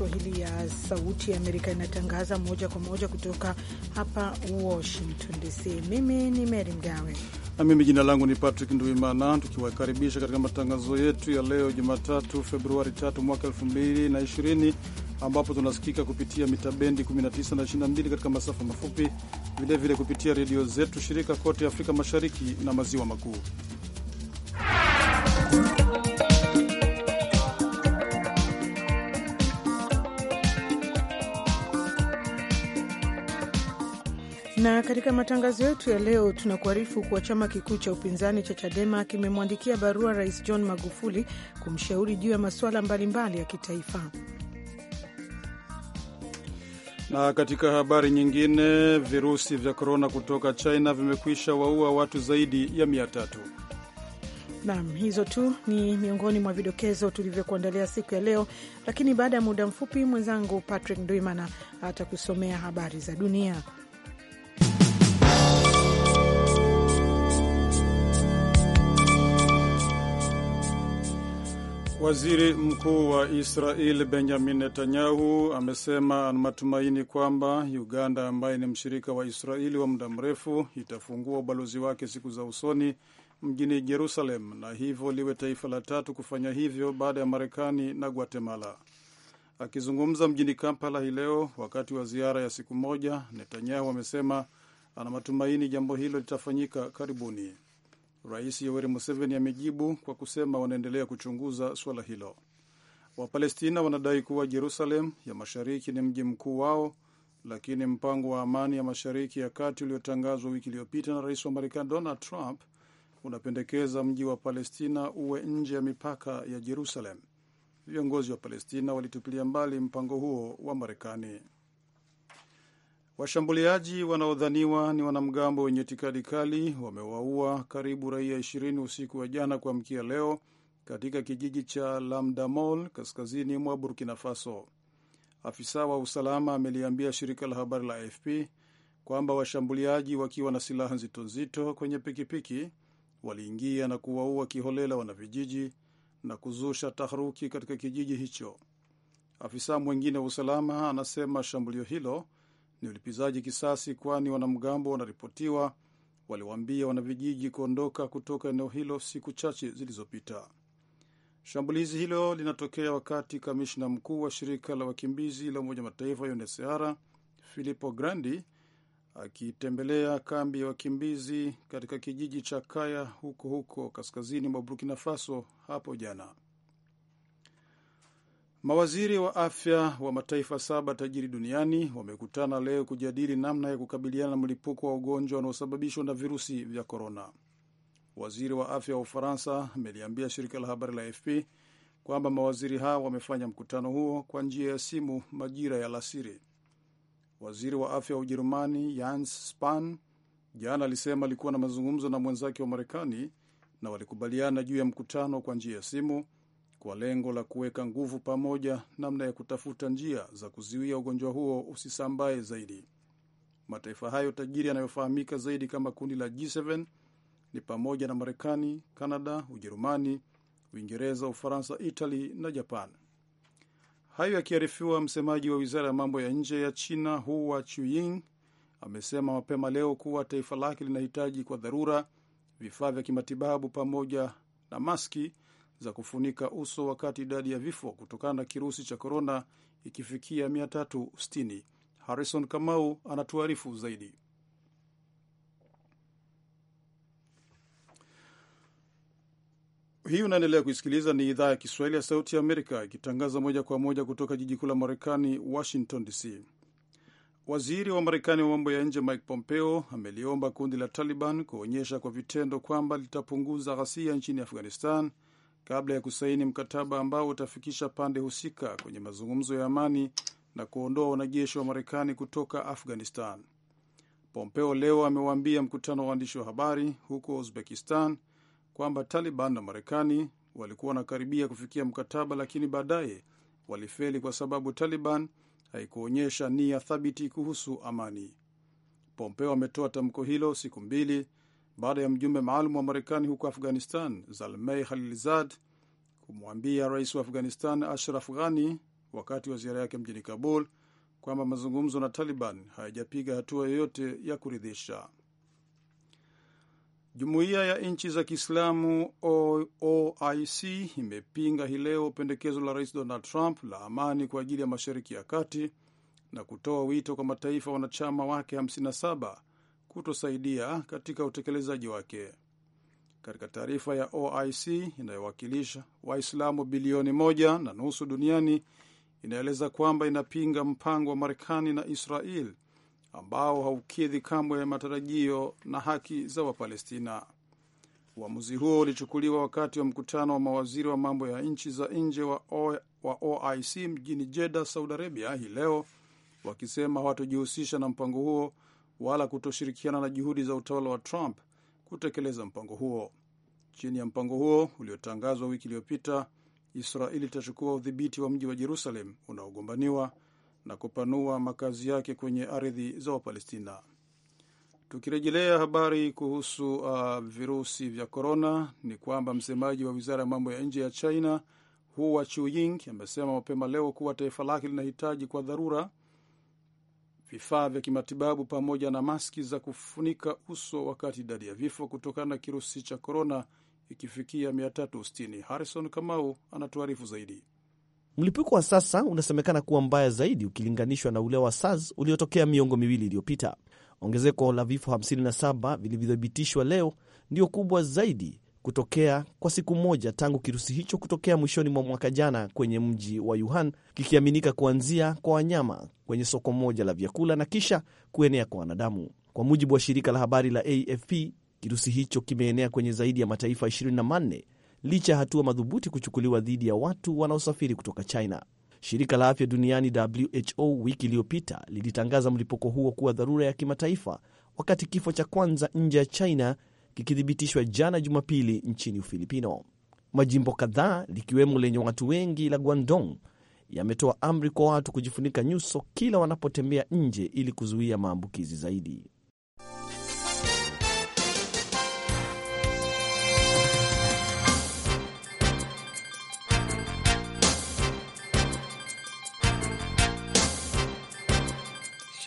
Kiswahili ya Sauti ya Amerika inatangaza moja kwa moja kutoka hapa Washington DC. Mimi ni Mary Mgawe na mimi jina langu ni Patrick Nduimana, tukiwakaribisha katika matangazo yetu ya leo Jumatatu Februari 3 mwaka 2020 ambapo tunasikika kupitia mita bendi 19 na 22 katika masafa mafupi, vilevile kupitia redio zetu shirika kote Afrika Mashariki na Maziwa Makuu. Na katika matangazo yetu ya leo tunakuarifu kuwa chama kikuu cha upinzani cha Chadema kimemwandikia barua Rais John Magufuli kumshauri juu ya masuala mbalimbali ya kitaifa. Na katika habari nyingine, virusi vya korona kutoka China vimekwisha waua watu zaidi ya mia tatu. Naam, hizo tu ni miongoni mwa vidokezo tulivyokuandalia siku ya leo, lakini baada ya muda mfupi mwenzangu Patrick Ndwimana atakusomea habari za dunia. Waziri Mkuu wa Israel Benjamin Netanyahu amesema ana matumaini kwamba Uganda ambaye ni mshirika wa Israeli wa muda mrefu itafungua ubalozi wake siku za usoni mjini Jerusalem na hivyo liwe taifa la tatu kufanya hivyo baada ya Marekani na Guatemala. Akizungumza mjini Kampala hii leo wakati wa ziara ya siku moja, Netanyahu amesema ana matumaini jambo hilo litafanyika karibuni. Rais Yoweri Museveni amejibu kwa kusema wanaendelea kuchunguza suala hilo. Wapalestina wanadai kuwa Jerusalem ya mashariki ni mji mkuu wao, lakini mpango wa amani ya mashariki ya kati uliotangazwa wiki iliyopita na rais wa Marekani Donald Trump unapendekeza mji wa Palestina uwe nje ya mipaka ya Jerusalem. Viongozi wa Palestina walitupilia mbali mpango huo wa Marekani. Washambuliaji wanaodhaniwa ni wanamgambo wenye itikadi kali wamewaua karibu raia ishirini usiku wa jana kuamkia leo katika kijiji cha Lamdamol kaskazini mwa Burkina Faso. Afisa wa usalama ameliambia shirika la habari la AFP kwamba washambuliaji wakiwa na silaha nzito nzito kwenye pikipiki waliingia na kuwaua kiholela wanavijiji na kuzusha taharuki katika kijiji hicho. Afisa mwingine wa usalama anasema shambulio hilo ni ulipizaji kisasi, kwani wanamgambo wanaripotiwa waliwaambia wanavijiji kuondoka kutoka eneo hilo siku chache zilizopita. Shambulizi hilo linatokea wakati kamishna mkuu wa shirika la wakimbizi la Umoja Mataifa UNHCR Filippo Grandi akitembelea kambi ya wakimbizi katika kijiji cha Kaya huko huko kaskazini mwa Burkina Faso hapo jana. Mawaziri wa afya wa mataifa saba tajiri duniani wamekutana leo kujadili namna ya kukabiliana na mlipuko wa ugonjwa unaosababishwa na virusi vya korona. Waziri wa afya wa Ufaransa ameliambia shirika la habari la AFP kwamba mawaziri hao wamefanya mkutano huo kwa njia ya simu majira ya alasiri. Waziri wa afya wa Ujerumani Jens Spahn jana alisema alikuwa na mazungumzo na mwenzake wa Marekani na walikubaliana juu ya mkutano kwa njia ya simu kwa lengo la kuweka nguvu pamoja namna ya kutafuta njia za kuzuia ugonjwa huo usisambae zaidi. Mataifa hayo tajiri yanayofahamika zaidi kama kundi la G7 ni pamoja na Marekani, Kanada, Ujerumani, Uingereza, Ufaransa, Itali na Japan. Hayo yakiarifiwa, msemaji wa wizara ya mambo ya nje ya China Hua Chuying amesema mapema leo kuwa taifa lake linahitaji kwa dharura vifaa vya kimatibabu pamoja na maski za kufunika uso wakati idadi ya vifo kutokana na kirusi cha korona ikifikia 360. Harrison Kamau anatuarifu zaidi. Hii unaendelea kuisikiliza ni idhaa ya Kiswahili ya Sauti ya Amerika ikitangaza moja kwa moja kutoka jiji kuu la Marekani, Washington DC. Waziri wa Marekani wa mambo ya nje Mike Pompeo ameliomba kundi la Taliban kuonyesha kwa vitendo kwamba litapunguza ghasia nchini Afghanistan kabla ya kusaini mkataba ambao utafikisha pande husika kwenye mazungumzo ya amani na kuondoa wanajeshi wa Marekani kutoka Afghanistan. Pompeo leo amewaambia mkutano wa waandishi wa habari huko Uzbekistan kwamba Taliban na Marekani walikuwa wanakaribia kufikia mkataba, lakini baadaye walifeli kwa sababu Taliban haikuonyesha nia thabiti kuhusu amani. Pompeo ametoa tamko hilo siku mbili baada ya mjumbe maalum wa Marekani huko Afghanistan Zalmei Khalilzad kumwambia rais wa Afghanistan Ashraf Ghani wakati wa ziara yake mjini Kabul kwamba mazungumzo na Taliban hayajapiga hatua yoyote ya kuridhisha. Jumuiya ya nchi za Kiislamu OIC imepinga hii leo pendekezo la rais Donald Trump la amani kwa ajili ya Mashariki ya Kati na kutoa wito kwa mataifa wanachama wake kutosaidia katika utekelezaji wake. Katika taarifa ya OIC inayowakilisha Waislamu bilioni moja na nusu duniani inaeleza kwamba inapinga mpango wa Marekani na Israel ambao haukidhi kamwe matarajio na haki za Wapalestina. Uamuzi huo ulichukuliwa wakati wa mkutano wa mawaziri wa mambo ya nchi za nje wa OIC mjini Jeddah, Saudi Arabia, hii leo, wakisema hawatojihusisha na mpango huo wala kutoshirikiana na juhudi za utawala wa Trump kutekeleza mpango huo. Chini ya mpango huo uliotangazwa wiki iliyopita, Israeli itachukua udhibiti wa mji wa Jerusalem unaogombaniwa na kupanua makazi yake kwenye ardhi za Wapalestina. Tukirejelea habari kuhusu uh, virusi vya korona, ni kwamba msemaji wa wizara ya mambo ya nje ya China Hua Chunying amesema mapema leo kuwa taifa lake linahitaji kwa dharura vifaa vya kimatibabu pamoja na maski za kufunika uso, wakati idadi ya vifo kutokana na kirusi cha korona ikifikia 360. Harrison Kamau anatuarifu zaidi. Mlipuko wa sasa unasemekana kuwa mbaya zaidi ukilinganishwa na ule wa SARS uliotokea miongo miwili iliyopita. Ongezeko la vifo 57 vilivyothibitishwa leo ndio kubwa zaidi kutokea kwa siku moja tangu kirusi hicho kutokea mwishoni mwa mwaka jana kwenye mji wa Wuhan, kikiaminika kuanzia kwa wanyama kwenye soko moja la vyakula na kisha kuenea kwa wanadamu. Kwa mujibu wa shirika la habari la AFP, kirusi hicho kimeenea kwenye zaidi ya mataifa 24 licha ya hatua madhubuti kuchukuliwa dhidi ya watu wanaosafiri kutoka China. Shirika la afya duniani WHO wiki iliyopita lilitangaza mlipuko huo kuwa dharura ya kimataifa, wakati kifo cha kwanza nje ya China kikithibitishwa jana Jumapili nchini Ufilipino. Majimbo kadhaa likiwemo lenye watu wengi la Guangdong yametoa amri kwa watu kujifunika nyuso kila wanapotembea nje ili kuzuia maambukizi zaidi.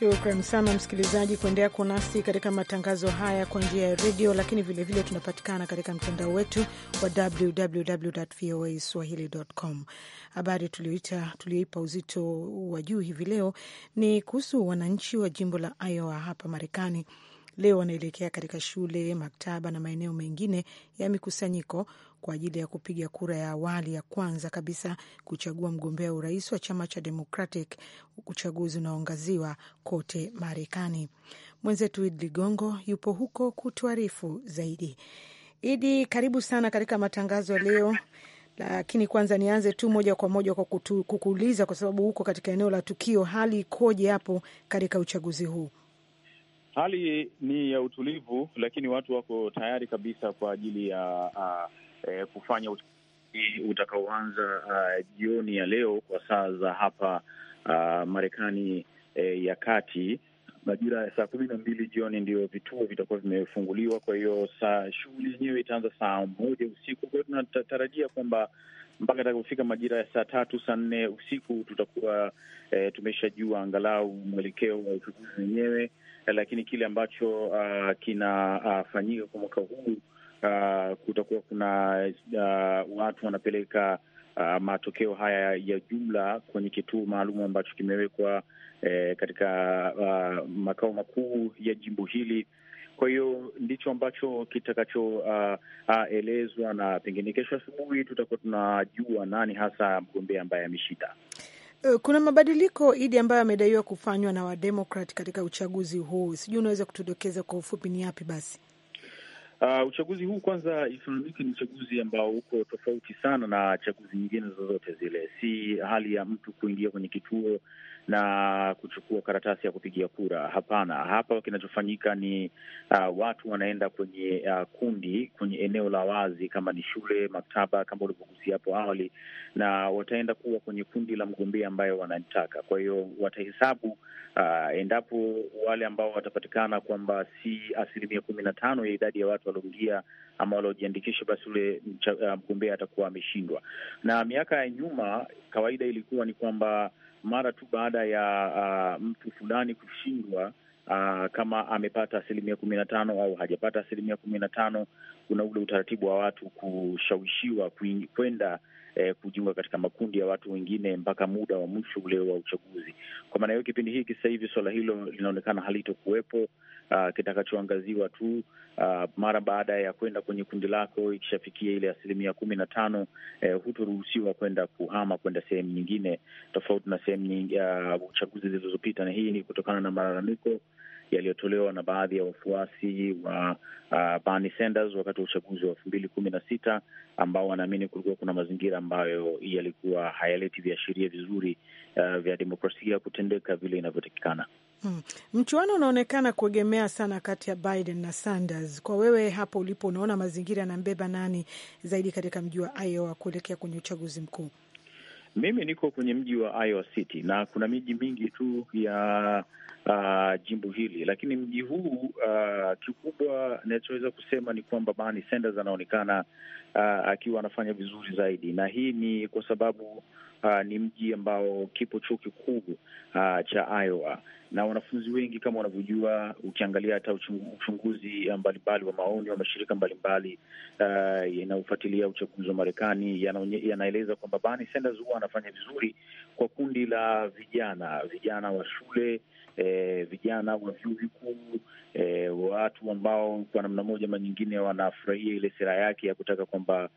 Shukran sana msikilizaji kuendelea kuwa nasi katika matangazo haya kwa njia ya redio, lakini vilevile vile tunapatikana katika mtandao wetu wa www voa swahilicom Habari tulioipa uzito wa juu hivi leo ni kuhusu wananchi wa jimbo la Iowa hapa Marekani. Leo wanaelekea katika shule, maktaba na maeneo mengine ya mikusanyiko kwa ajili ya kupiga kura ya awali ya kwanza kabisa kuchagua mgombea urais wa chama cha Democratic, uchaguzi unaoangaziwa kote Marekani. Mwenzetu Idi Ligongo yupo huko kutuarifu zaidi. Idi, karibu sana katika matangazo ya leo. Lakini kwanza nianze tu moja kwa moja kwa kutu, kukuuliza, kwa sababu huko katika eneo la tukio, hali ikoje hapo katika uchaguzi huu? Hali ni ya utulivu, lakini watu wako tayari kabisa kwa ajili ya uh, eh, kufanya uchaguzi utakaoanza uh, jioni ya leo kwa saa za hapa uh, Marekani eh, ya kati majira ya saa kumi na mbili jioni ndio vituo vitakuwa vimefunguliwa. Kwa hiyo saa shughuli yenyewe itaanza saa moja usiku. Kwa hiyo tunatarajia kwamba mpaka atakapofika majira ya saa tatu saa nne usiku tutakuwa e, tumeshajua angalau mwelekeo wa uchaguzi wenyewe, lakini kile ambacho ah, kinafanyika kwa mwaka huu uh, kutakuwa kuna uh, watu wanapeleka uh, matokeo haya ya jumla kwenye kituo maalum ambacho kimewekwa eh, katika uh, makao makuu ya jimbo hili. Kwa hiyo ndicho ambacho kitakachoelezwa uh, uh, na pengine kesho asubuhi tutakuwa tunajua nani hasa mgombea ambaye ameshinda. Eh, kuna mabadiliko Idi ambayo amedaiwa kufanywa na Wademokrat katika uchaguzi huu, sijui unaweza kutudokeza kwa ufupi ni yapi? Basi Uh, uchaguzi huu kwanza ifahamike, ni uchaguzi ambao uko tofauti sana na chaguzi nyingine zozote zile. Si hali ya mtu kuingia kwenye kituo na kuchukua karatasi ya kupigia kura. Hapana, hapa kinachofanyika ni uh, watu wanaenda kwenye uh, kundi, kwenye eneo la wazi, kama ni shule, maktaba, kama ulivyogusia hapo awali, na wataenda kuwa kwenye kundi la mgombea ambaye wanamtaka. Kwa hiyo watahesabu uh, endapo wale ambao watapatikana kwamba si asilimia kumi na tano ya idadi ya watu walioingia ama waliojiandikisha, basi ule uh, mgombea atakuwa ameshindwa. Na miaka ya nyuma kawaida ilikuwa ni kwamba mara tu baada ya uh, mtu fulani kushindwa Uh, kama amepata asilimia kumi na tano au hajapata asilimia kumi na tano kuna ule utaratibu wa watu kushawishiwa kwenda eh, kujiunga katika makundi ya watu wengine mpaka muda wa mwisho ule wa uchaguzi. Kwa maana hiyo, kipindi hiki sasa hivi swala hilo linaonekana halitokuwepo, uh, kitakachoangaziwa tu uh, mara baada ya kwenda kwenye kundi lako, ikishafikia ile asilimia kumi na tano uh, hutoruhusiwa kwenda kuhama kwenda sehemu nyingine tofauti na sehemu uh, chaguzi zilizopita, na hii ni kutokana na malalamiko yaliyotolewa na baadhi ya wafuasi wa uh, Bernie Sanders wakati wa uchaguzi wa elfu mbili kumi na sita ambao wanaamini kulikuwa kuna mazingira ambayo yalikuwa hayaleti viashiria vizuri uh, vya demokrasia kutendeka vile inavyotakikana. Hmm. Mchuano unaonekana kuegemea sana kati ya Biden na Sanders. Kwa wewe hapo ulipo, unaona mazingira yanambeba nani zaidi katika mji wa Iowa kuelekea kwenye uchaguzi mkuu? Mimi niko kwenye mji wa Iowa City na kuna miji mingi tu ya uh, jimbo hili, lakini mji huu uh, kikubwa nachoweza kusema ni kwamba Bernie Sanders anaonekana uh, akiwa anafanya vizuri zaidi, na hii ni kwa sababu uh, ni mji ambao kipo chuo kikuu uh, cha Iowa na wanafunzi wengi kama unavyojua, ukiangalia hata uchunguzi uh, mbalimbali wa maoni wa mashirika mbalimbali uh, yanayofuatilia uchaguzi wa Marekani yanaeleza kwamba Bernie Sanders huwa anafanya vizuri kwa kundi la vijana, vijana wa shule e, vijana wa vyuo vikuu e, watu ambao kwa namna moja ma nyingine wanafurahia ile sera yake ya kutaka kwamba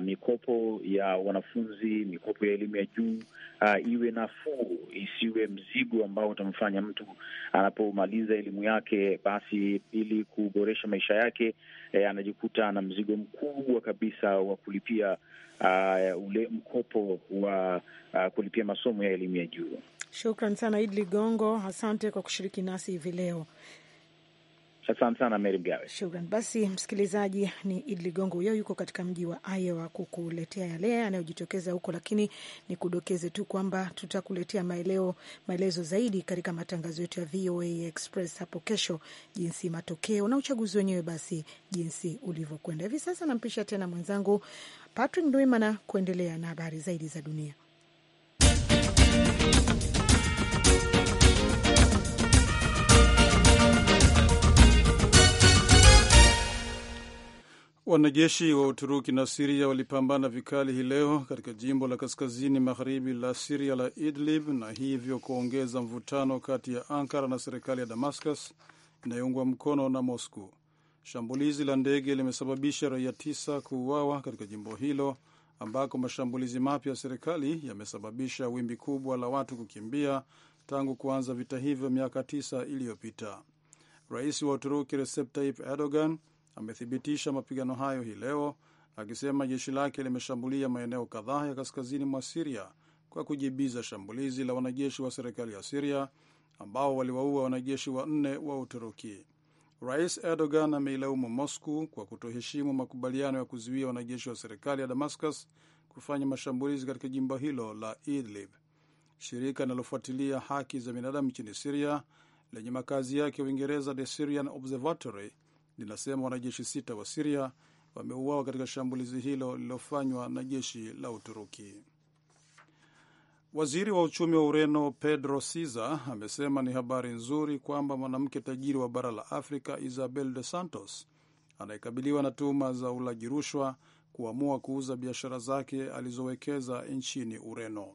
mikopo ya wanafunzi, mikopo ya elimu ya juu iwe nafuu, isiwe mzigo ambao utamfanya mtu anapomaliza elimu yake, basi ili kuboresha maisha yake e, anajikuta ana mzigo mkubwa kabisa wa kulipia uh, ule mkopo wa uh, kulipia masomo ya elimu ya juu. Shukran sana Idli Gongo, asante kwa kushiriki nasi hivi leo. Asante sana Meri Mgawe, shukran. Basi msikilizaji, ni Idi Ligongo huyo, yuko katika mji wa Iowa kukuletea yale yanayojitokeza huko, lakini nikudokeze tu kwamba tutakuletea maeleo maelezo zaidi katika matangazo yetu ya VOA Express hapo kesho, jinsi matokeo na uchaguzi wenyewe basi jinsi ulivyokwenda. Hivi sasa nampisha tena mwenzangu Patrick Ndwimana kuendelea na habari zaidi za dunia. Wanajeshi wa Uturuki na Siria walipambana vikali hii leo katika jimbo la kaskazini magharibi la Siria la Idlib na hivyo kuongeza mvutano kati ya Ankara na serikali ya Damascus inayoungwa mkono na Moscow. Shambulizi la ndege limesababisha raia tisa kuuawa katika jimbo hilo ambako mashambulizi mapya ya serikali yamesababisha wimbi kubwa la watu kukimbia tangu kuanza vita hivyo miaka tisa iliyopita. Rais wa Uturuki Recep Tayyip Erdogan amethibitisha mapigano hayo hii leo akisema jeshi lake limeshambulia maeneo kadhaa ya kaskazini mwa Siria kwa kujibiza shambulizi la wanajeshi wa serikali ya Siria ambao waliwaua wanajeshi wanne wa Uturuki. Rais Erdogan ameilaumu Moscow kwa kutoheshimu makubaliano ya kuzuia wanajeshi wa serikali ya Damascus kufanya mashambulizi katika jimbo hilo la Idlib. Shirika linalofuatilia haki za binadamu nchini Siria lenye makazi yake Uingereza, The Syrian Observatory linasema wanajeshi sita wa Siria wameuawa katika shambulizi hilo lililofanywa na jeshi la Uturuki. Waziri wa uchumi wa Ureno Pedro Siza amesema ni habari nzuri kwamba mwanamke tajiri wa bara la Afrika Isabel de Santos anayekabiliwa na tuhuma za ulaji rushwa kuamua kuuza biashara zake alizowekeza nchini Ureno.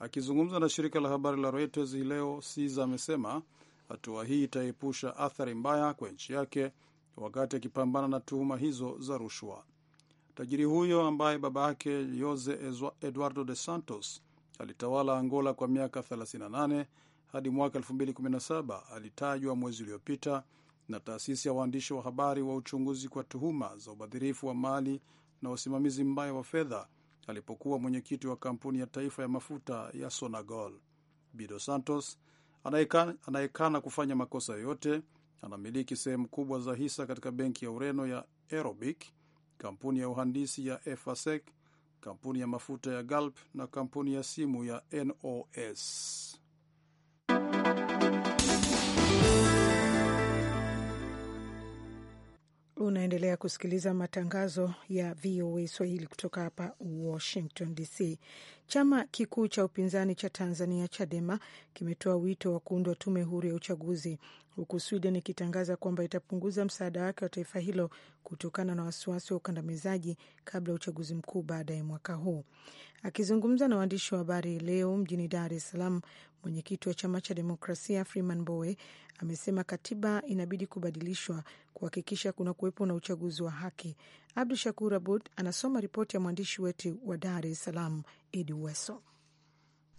Akizungumza na shirika la habari la Reuters hii leo, Siza amesema hatua hii itaepusha athari mbaya kwa nchi yake wakati akipambana na tuhuma hizo za rushwa. Tajiri huyo ambaye baba yake Jose Eduardo de Santos alitawala Angola kwa miaka 38 hadi mwaka 2017 alitajwa mwezi uliopita na taasisi ya waandishi wa habari wa uchunguzi kwa tuhuma za ubadhirifu wa mali na usimamizi mbaya wa fedha alipokuwa mwenyekiti wa kampuni ya taifa ya mafuta ya Sonangol. Bido Santos anayekana kufanya makosa yoyote anamiliki sehemu kubwa za hisa katika benki ya Ureno ya Aerobic, kampuni ya uhandisi ya Efasec, kampuni ya mafuta ya Galp na kampuni ya simu ya NOS. Unaendelea kusikiliza matangazo ya VOA Swahili kutoka hapa Washington DC. Chama kikuu cha upinzani cha Tanzania, Chadema, kimetoa wito wa kuundwa tume huru ya uchaguzi, huku Sweden ikitangaza kwamba itapunguza msaada wake wa taifa hilo kutokana na wasiwasi wa ukandamizaji kabla ya uchaguzi mkuu baadaye mwaka huu. Akizungumza na waandishi wa habari leo mjini Dar es Salaam, mwenyekiti wa chama cha demokrasia Freeman Mbowe amesema katiba inabidi kubadilishwa kuhakikisha kuna kuwepo na uchaguzi wa haki. Abdu Shakur Abud anasoma ripoti ya mwandishi wetu wa Dar es Salaam, Edi Weso.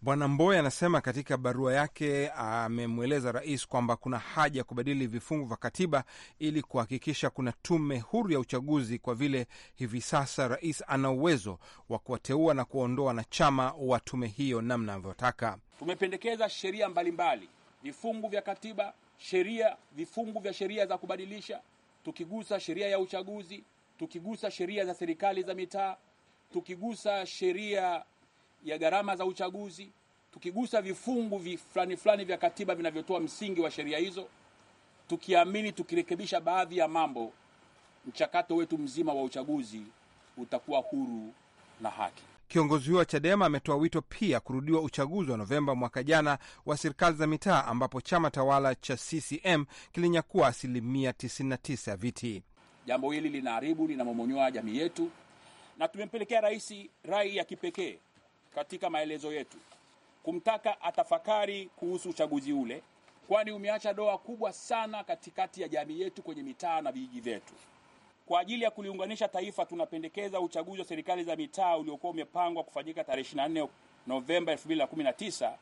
Bwana Mboya anasema katika barua yake amemweleza rais kwamba kuna haja ya kubadili vifungu vya katiba ili kuhakikisha kuna tume huru ya uchaguzi, kwa vile hivi sasa rais ana uwezo wa kuwateua na kuwaondoa wanachama wa tume hiyo namna anavyotaka. Tumependekeza sheria mbalimbali, vifungu vya katiba, sheria, vifungu vya sheria za kubadilisha, tukigusa sheria ya uchaguzi, tukigusa sheria za serikali za mitaa, tukigusa sheria ya gharama za uchaguzi, tukigusa vifungu fulani fulani vya katiba vinavyotoa msingi wa sheria hizo, tukiamini tukirekebisha baadhi ya mambo, mchakato wetu mzima wa uchaguzi utakuwa huru na haki. Kiongozi huyo wa Chadema ametoa wito pia kurudiwa uchaguzi wa Novemba mwaka jana wa serikali za mitaa ambapo chama tawala cha CCM kilinyakua asilimia 99 ya viti. Jambo hili linaharibu, linamomonyoa jamii yetu, na tumempelekea rais rai ya kipekee katika maelezo yetu kumtaka atafakari kuhusu uchaguzi ule, kwani umeacha doa kubwa sana katikati ya jamii yetu kwenye mitaa na vijiji vyetu. Kwa ajili ya kuliunganisha taifa, tunapendekeza uchaguzi wa serikali za mitaa uliokuwa umepangwa kufanyika tarehe 24 Novemba 2019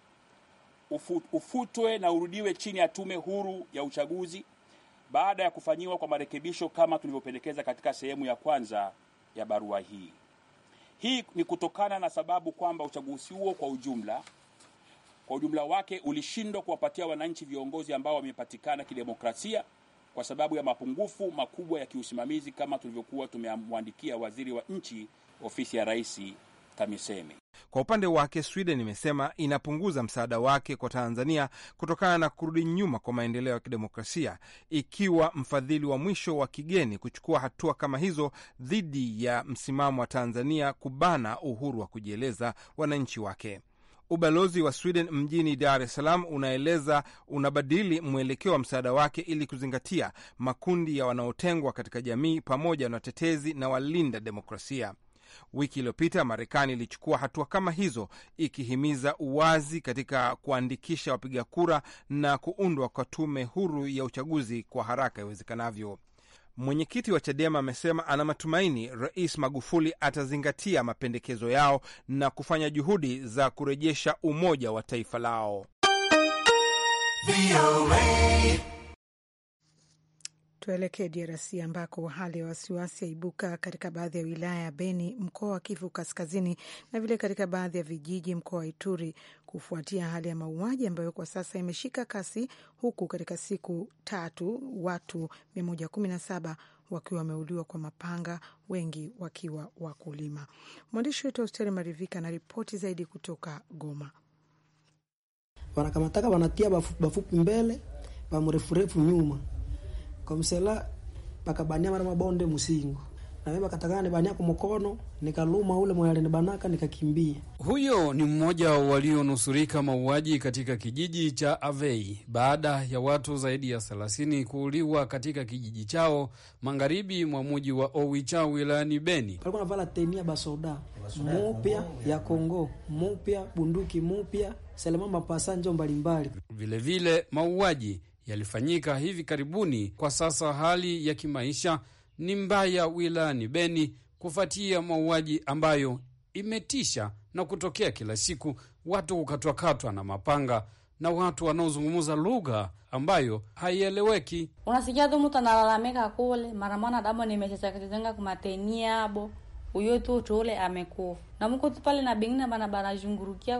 ufutwe na urudiwe chini ya tume huru ya uchaguzi baada ya kufanyiwa kwa marekebisho kama tulivyopendekeza katika sehemu ya kwanza ya barua hii. Hii ni kutokana na sababu kwamba uchaguzi huo kwa ujumla kwa ujumla wake ulishindwa kuwapatia wananchi viongozi ambao wamepatikana kidemokrasia kwa sababu ya mapungufu makubwa ya kiusimamizi kama tulivyokuwa tumemwandikia waziri wa nchi ofisi ya Rais TAMISEMI. Kwa upande wake Sweden imesema inapunguza msaada wake kwa Tanzania kutokana na kurudi nyuma kwa maendeleo ya kidemokrasia, ikiwa mfadhili wa mwisho wa kigeni kuchukua hatua kama hizo dhidi ya msimamo wa Tanzania kubana uhuru wa kujieleza wananchi wake. Ubalozi wa Sweden mjini Dar es Salaam unaeleza unabadili mwelekeo wa msaada wake ili kuzingatia makundi ya wanaotengwa katika jamii pamoja na watetezi na walinda demokrasia. Wiki iliyopita Marekani ilichukua hatua kama hizo, ikihimiza uwazi katika kuandikisha wapiga kura na kuundwa kwa tume huru ya uchaguzi kwa haraka iwezekanavyo. Mwenyekiti wa CHADEMA amesema ana matumaini Rais Magufuli atazingatia mapendekezo yao na kufanya juhudi za kurejesha umoja wa taifa lao. Tuelekee DRC ambako hali ya wasiwasi yaibuka katika baadhi ya wilaya ya Beni, mkoa wa Kivu Kaskazini, na vile katika baadhi ya vijiji mkoa wa Ituri, kufuatia hali ya mauaji ambayo kwa sasa imeshika kasi, huku katika siku tatu watu 117 wakiwa wameuliwa kwa mapanga, wengi wakiwa wakulima. Mwandishi wetu Austeri Marivika ripoti zaidi kutoka Goma. Wanakamataka wanatia bafupi bafu mbele, bamrefurefu nyuma komsela bakabania mara mabonde musingo na mimi bakatakana nibania kumukono nikaluma ule mwenye alinibanaka nikakimbia. Huyo ni mmoja wa walionusurika mauaji katika kijiji cha Avei baada ya watu zaidi ya 30 kuuliwa katika kijiji chao magharibi mwa muji wa Owicha wilayani Beni. Palikuwa navala tenia basoda mupya ya Kongo mupya bunduki mupya selema mapasa njo mbalimbali. Vilevile mauaji yalifanyika hivi karibuni. Kwa sasa hali ya kimaisha ni mbaya wilayani Beni kufuatia mauaji ambayo imetisha na kutokea kila siku, watu kukatwakatwa na mapanga na watu wanaozungumza lugha ambayo haieleweki. unasikia tu mtu analalamika kule maramana dabo nimechezakachezenga kumateniabo uyo tu utole amekufa na mko tu pale na bingine bana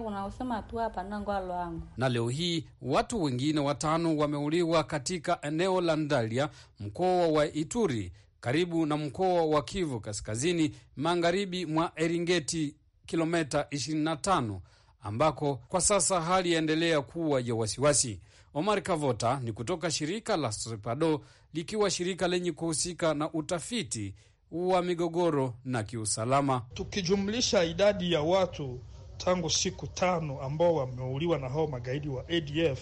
kuna usema tu hapa na alo yangu. Na leo hii watu wengine watano wameuliwa katika eneo la Ndalia, mkoa wa Ituri, karibu na mkoa wa Kivu Kaskazini, magharibi mwa Eringeti, kilomita 25 ambako kwa sasa hali yaendelea kuwa ya wasiwasi. Omar Kavota ni kutoka shirika la Strepado, likiwa shirika lenye kuhusika na utafiti wa migogoro na kiusalama. Tukijumlisha idadi ya watu tangu siku tano ambao wameuliwa na hao magaidi wa ADF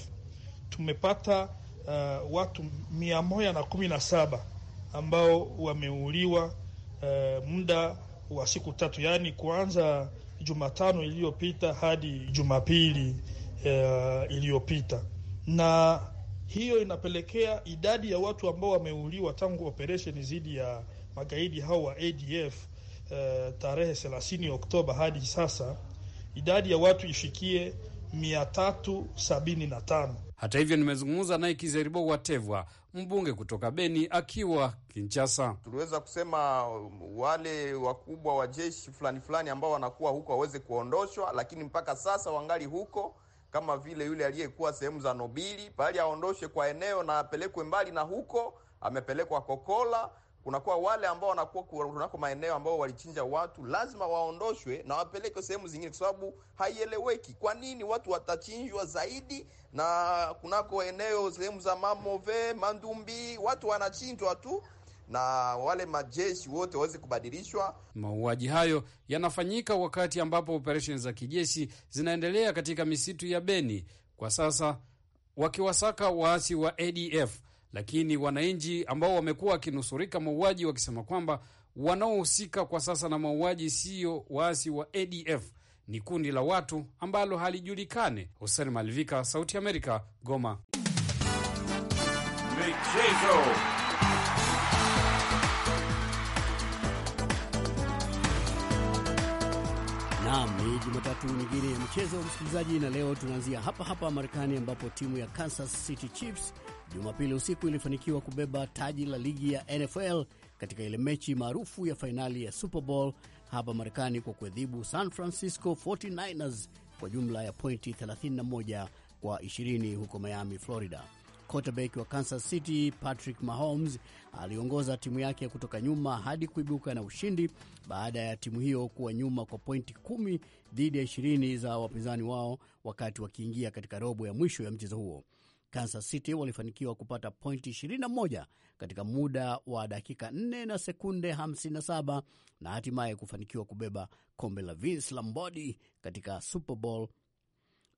tumepata uh, watu mia moja na kumi na saba ambao wameuliwa uh, muda wa siku tatu, yaani kuanza Jumatano iliyopita hadi Jumapili uh, iliyopita, na hiyo inapelekea idadi ya watu ambao wameuliwa tangu operesheni dhidi ya magaidi hao wa ADF uh, eh, tarehe 30 Oktoba hadi sasa idadi ya watu ifikie 375. Hata hivyo nimezungumza naye Kizeribo Watevwa, mbunge kutoka Beni akiwa Kinshasa. Tuliweza kusema um, wale wakubwa wa jeshi fulani fulani ambao wanakuwa huko waweze kuondoshwa, lakini mpaka sasa wangali huko, kama vile yule aliyekuwa sehemu za Nobili, bali aondoshwe kwa eneo na apelekwe mbali na huko, amepelekwa Kokola kunakuwa wale ambao wanakuwa kunako maeneo ambao walichinja watu lazima waondoshwe na wapelekwe sehemu zingine, kwa sababu haieleweki kwa nini watu watachinjwa zaidi na kunako eneo sehemu za Mamove, Mandumbi, watu wanachinjwa tu na wale majeshi wote waweze kubadilishwa. Mauaji hayo yanafanyika wakati ambapo operesheni za kijeshi zinaendelea katika misitu ya Beni kwa sasa, wakiwasaka waasi wa ADF lakini wananchi ambao wamekuwa wakinusurika mauaji wakisema kwamba wanaohusika kwa sasa na mauaji siyo waasi wa ADF, ni kundi la watu ambalo halijulikane. Hussein Malivika, Sauti Amerika, Goma. Michezo. Naam, ni Jumatatu nyingine ya michezo msikilizaji, na leo tunaanzia hapa hapa Marekani ambapo timu ya Kansas City Chiefs Jumapili usiku ilifanikiwa kubeba taji la ligi ya NFL katika ile mechi maarufu ya fainali ya Super Bowl hapa Marekani kwa kuadhibu San Francisco 49ers kwa jumla ya pointi 31 kwa 20 huko Miami, Florida. Quarterback wa Kansas City Patrick Mahomes aliongoza timu yake kutoka nyuma hadi kuibuka na ushindi baada ya timu hiyo kuwa nyuma kwa pointi 1 dhidi ya 20 za wapinzani wao wakati wakiingia katika robo ya mwisho ya mchezo huo. Kansas City walifanikiwa kupata pointi 21 katika muda wa dakika 4 na sekunde 57 na hatimaye kufanikiwa kubeba kombe la Vince Lombardi katika Super Bowl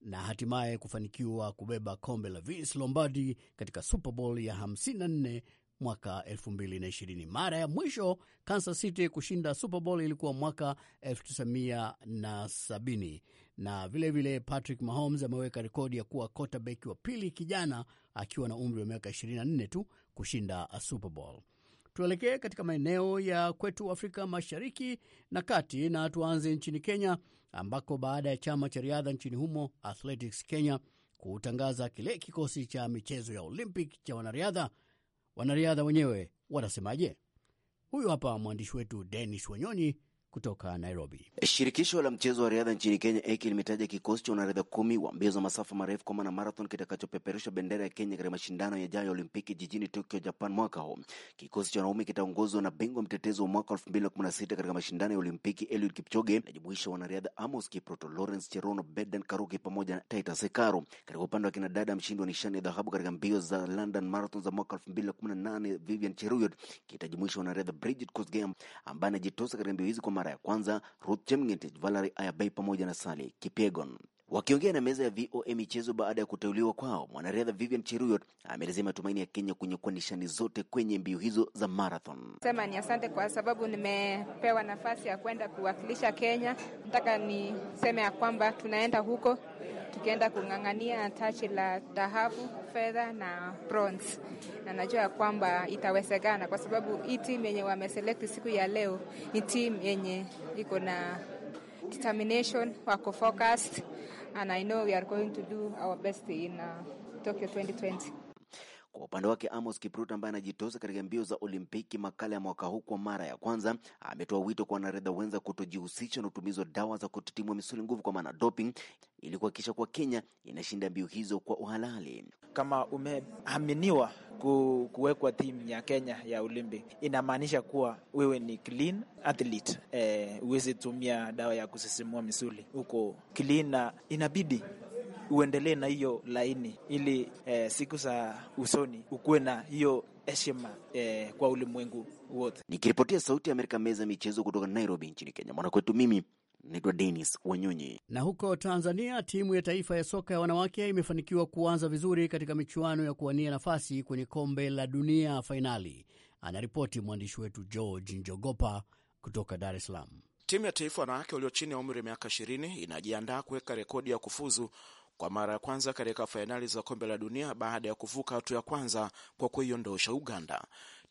na hatimaye kufanikiwa kubeba kombe la Vince Lombardi katika Super Bowl ya 54 mwaka 2020. Mara ya mwisho Kansas City kushinda Super Bowl ilikuwa mwaka 1970 na vilevile vile Patrick Mahomes ameweka rekodi ya kuwa quarterback wa pili kijana akiwa na umri wa miaka 24 tu kushinda Super Bowl. Tuelekee katika maeneo ya kwetu Afrika Mashariki na Kati, na tuanze nchini Kenya ambako baada ya chama cha riadha nchini humo Athletics Kenya kutangaza kile kikosi cha michezo ya Olympic cha wanariadha, wanariadha wenyewe wanasemaje? Huyu hapa mwandishi wetu Dennis Wanyonyi kutoka Nairobi. Shirikisho la mchezo wa riadha nchini Kenya AK limetaja kikosi cha wanariadha kumi wa mbio za masafa marefu kwa maana marathon kitakachopeperusha bendera ya Kenya katika mashindano yajayo ya Olimpiki jijini Tokyo, Japan mwaka huu. Kikosi cha wanaume kitaongozwa na bingwa mtetezi wa mwaka 2016 katika mashindano ya Olimpiki Eliud Kipchoge, inajumuisha wanariadha Amos Kiproto, Lawrence Cherono, Bedan Karuki pamoja na Titus Ekaru. Katika upande wa kinadada, mshindi wa nishani ya dhahabu katika mbio za London Marathon za mwaka 2018 Vivian Cheruyot kitajumuisha wanariadha Bridget Kosgei ambaye anajitosa katika mbio hizi kwa mara ya kwanza Ruth Chemngetich, Valerie Ayabei pamoja na Sally Kipegon. Wakiongea na meza ya VOA michezo baada ya kuteuliwa kwao, mwanariadha Vivian Cheruyot ameelezea matumaini ya Kenya kunyakua nishani zote kwenye mbio hizo za marathon. Sema ni asante kwa sababu nimepewa nafasi ya kwenda kuwakilisha Kenya. Nataka niseme ya kwamba tunaenda huko tukienda kung'ang'ania tachi la dhahabu, fedha na bronze, na najua ya kwamba itawezekana kwa sababu hii timu yenye wameselekti siku ya leo ni timu yenye iko na determination, wako focused and I know we are going to do our best in uh, Tokyo 2020. Kwa upande wake Amos Kipruto ambaye anajitoza katika mbio za Olimpiki makala ya mwaka huu kwa mara ya kwanza ametoa wito kwa wanariadha wenza kutojihusisha na utumizi wa dawa za kutitimua misuli nguvu kwa maana doping, ili kuhakikisha kuwa Kenya inashinda mbio hizo kwa uhalali. Kama umeaminiwa kuwekwa timu ya Kenya ya Olympic, inamaanisha kuwa wewe ni clean athlete. Eh, huwezi e, tumia dawa ya kusisimua misuli, uko clean na inabidi uendelee na hiyo laini ili eh, siku za usoni ukuwe na hiyo heshima eh, kwa ulimwengu wote. Nikiripotia Sauti ya Amerika, meza ya michezo kutoka Nairobi nchini Kenya, mwanakwetu mimi naitwa Denis Wanyonyi. Na huko Tanzania, timu ya taifa ya soka ya wanawake imefanikiwa kuanza vizuri katika michuano ya kuwania nafasi kwenye kombe la dunia fainali, anaripoti mwandishi wetu George Njogopa kutoka Dar es Salaam. Timu ya taifa wanawake walio chini ya umri wa miaka 20 inajiandaa kuweka rekodi ya kufuzu kwa mara ya kwanza katika fainali za kombe la dunia baada ya kuvuka hatua ya kwanza kwa kuiondosha Uganda.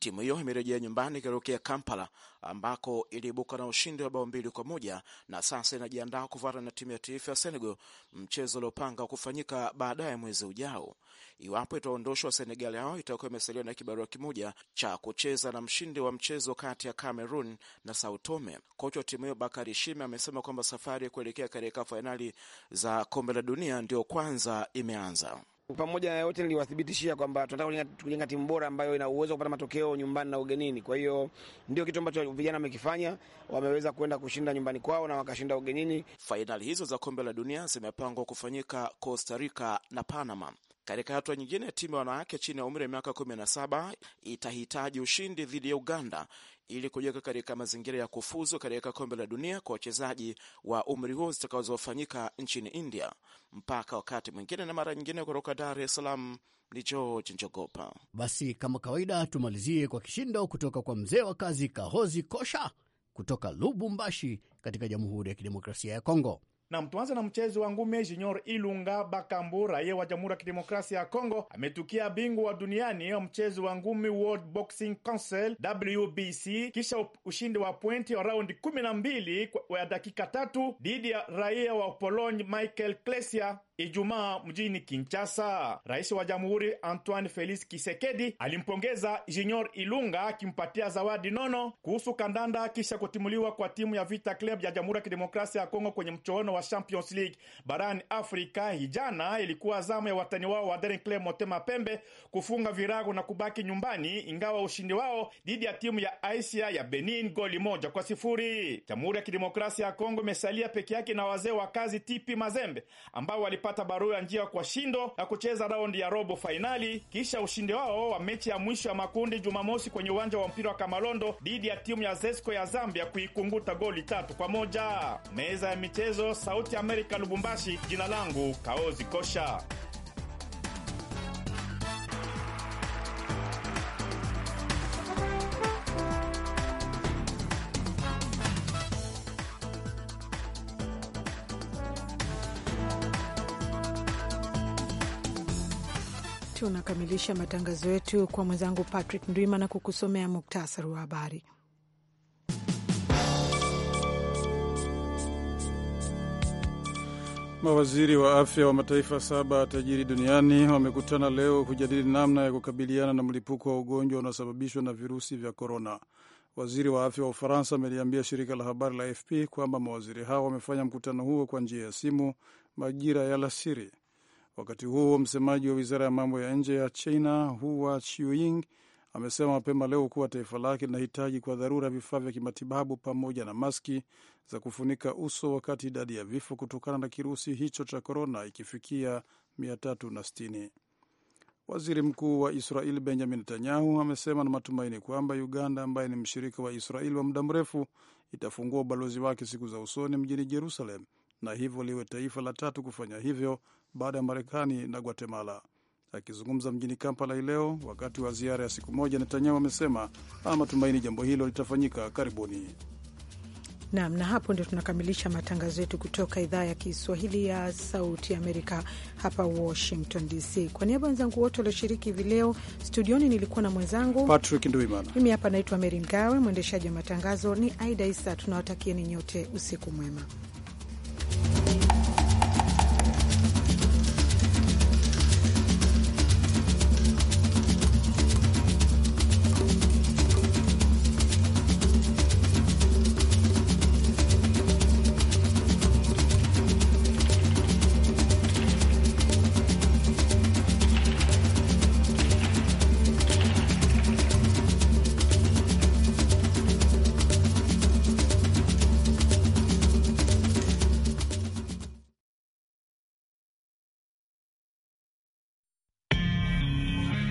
Timu hiyo imerejea nyumbani ikitokea Kampala ambako iliibuka na ushindi wa bao mbili kwa moja na sasa inajiandaa kuvana na timu ya taifa ya Senegal, mchezo uliopanga kufanyika baadaye mwezi ujao. Iwapo itaondoshwa, Senegal yao itakuwa imesalia na kibarua kimoja cha kucheza na mshindi wa mchezo kati ya Cameroon na Sao Tome. Kocha wa timu hiyo Bakari Shime amesema kwamba safari ya kuelekea katika fainali za kombe la dunia ndio kwanza imeanza. Pamoja na yote, niliwathibitishia kwamba tunataka kujenga timu bora ambayo ina uwezo kupata matokeo nyumbani na ugenini. Kwa hiyo ndio kitu ambacho vijana wamekifanya, wameweza kwenda kushinda nyumbani kwao na wakashinda ugenini. Fainali hizo za kombe la dunia zimepangwa kufanyika Costa Rica na Panama. Katika hatua nyingine, timu ya wanawake chini ya umri wa miaka 17 itahitaji ushindi dhidi ya Uganda ili kujiweka katika mazingira ya kufuzu katika kombe la dunia kwa wachezaji wa umri huo zitakazofanyika nchini India. Mpaka wakati mwingine na mara nyingine, kutoka Dar es Salaam ni George Njogopa. Basi kama kawaida, tumalizie kwa kishindo kutoka kwa mzee wa kazi Kahozi Kosha kutoka Lubumbashi katika Jamhuri ya Kidemokrasia ya Kongo na tuanze na mchezo wa ngumi. Junior Ilunga Bakambu, raia wa Jamhuri ya Kidemokrasia ya Kongo, ametukia bingwa duniani mchezo wa ngumi World Boxing Council WBC kisha ushindi wa pointi wa raundi kumi na mbili ya dakika tatu dhidi ya raia wa Polonye Michael Klesia Ijumaa mjini Kinshasa. Rais wa Jamhuri Antoine Felix Tshisekedi alimpongeza Junior Ilunga akimpatia zawadi nono kuhusu kandanda kisha kutimuliwa kwa timu ya Vita Club ya Jamhuri ya Kidemokrasia ya Kongo kwenye mchuano wa Champions League barani Afrika. Hijana ilikuwa zamu ya watani wao wa Daring Club Motema Pembe kufunga virago na kubaki nyumbani, ingawa ushindi wao dhidi ya timu ya Aisia ya Benin goli moja kwa sifuri. Jamhuri ya Kidemokrasia ya Kongo imesalia peke yake na wazee wa kazi Tipi Mazembe ambao walipata walipata barua ya njia kwa shindo ya kucheza raundi ya robo fainali kisha ushindi wao wa mechi ya mwisho ya makundi Jumamosi kwenye uwanja wa mpira wa Kamalondo dhidi ya timu ya Zesco ya Zambia kuikunguta goli tatu kwa moja. Meza ya michezo, Sauti Amerika, Lubumbashi. Jina langu Kaozi Kosha. tunakamilisha matangazo yetu kwa mwenzangu Patrick Ndwima na kukusomea muktasari wa habari. Mawaziri wa afya wa mataifa saba tajiri duniani wamekutana leo kujadili namna ya kukabiliana na mlipuko wa ugonjwa unaosababishwa na virusi vya korona. Waziri wa afya wa Ufaransa ameliambia shirika la habari la AFP kwamba mawaziri hao wamefanya mkutano huo kwa njia ya simu majira ya alasiri. Wakati huo msemaji wa wizara ya mambo ya nje ya China Hua Chunying amesema mapema leo kuwa taifa lake linahitaji kwa dharura vifaa vya kimatibabu pamoja na maski za kufunika uso wakati idadi ya vifo kutokana na kirusi hicho cha korona ikifikia 360. Waziri mkuu wa Israel Benjamin Netanyahu amesema na matumaini kwamba Uganda ambaye ni mshirika wa Israel wa muda mrefu itafungua ubalozi wake siku za usoni mjini Jerusalem na hivyo liwe taifa la tatu kufanya hivyo baada ya Marekani na Guatemala. Akizungumza mjini Kampala hii leo wakati wa ziara ya siku moja, Netanyahu amesema ana matumaini jambo hilo litafanyika karibuni. Nam, na hapo ndio tunakamilisha matangazo yetu kutoka idhaa ya Kiswahili ya Sauti Amerika hapa Washington DC. Kwa niaba ya wenzangu wote walioshiriki hivi leo studioni, nilikuwa na mwenzangu Patrick Nduimana, Mimi hapa naitwa Meri Mgawe, mwendeshaji wa matangazo ni Aida Isa. Tunawatakieni nyote usiku mwema.